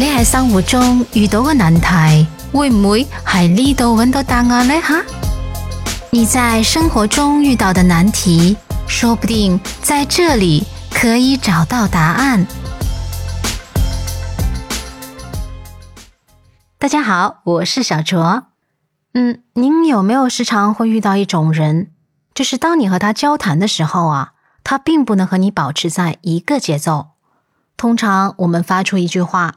你喺生活中遇到嘅難題會唔會喺呢度揾到答案呢？哈！你在生活中遇到的難題，說不定在這裏可以找到答案。大家好，我是小卓。嗯，您有沒有時常會遇到一種人？就是當你和他交談的時候啊，他並不能和你保持在一個節奏。通常我們發出一句話。